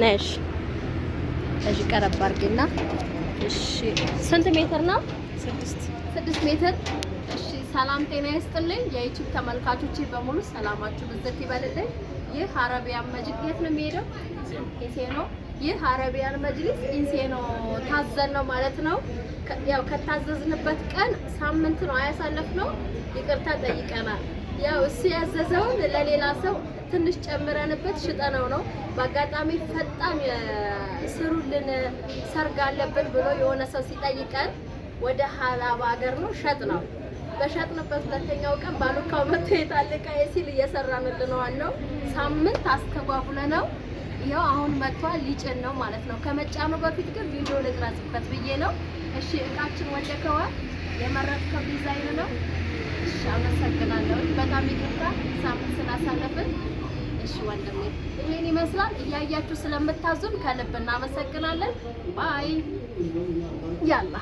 ነሽ እዚህ ቀረብ አድርጌና፣ እሺ ስንት ሜትር ነው? ስድስት ሜትር። እሺ ሰላም ጤና ይስጥልኝ የዩቲዩብ ተመልካቾቼ በሙሉ ሰላማችሁ ብዝት ይበልልኝ። ይህ አረቢያን መጅሊስ የት ነው የሚሄደው? ኢንሴ ነው። ይህ አረቢያን መጅሊስ ኢንሴ ነው ታዘን ነው ማለት ነው። ያው ከታዘዝንበት ቀን ሳምንት ነው አያሳለፍ ነው ይቅርታ ጠይቀናል። ያው እሱ ያዘዘውን ለሌላ ሰው ትንሽ ጨምረንበት ሽጠነው ነው። በአጋጣሚ ፈጣን ስሩልን ሰርግ አለብን ብሎ የሆነ ሰው ሲጠይቀን ወደ ሀላባ ሀገር ነው ሸጥ ነው። በሸጥንበት ሁለተኛው ቀን ባሉካው መቶ የታልቃ ሲል እየሰራንልነዋል ነው። ሳምንት አስተጓጉለ ነው ይኸው አሁን መጥቷል። ሊጭን ነው ማለት ነው። ከመጫኑ በፊት ግን ቪዲዮ ልቅረጽበት ብዬ ነው። እሺ እቃችን ወደከዋ የመረጥከው ዲዛይን ነው አመሰግናለሁ። በጣም ይቅርታ ሳምንት ስላሳለፍን። እሺ ወንድሜ ይሄን ይመስላል። እያያችሁ ስለምታዙን ከልብ እናመሰግናለን። ባይ ያላ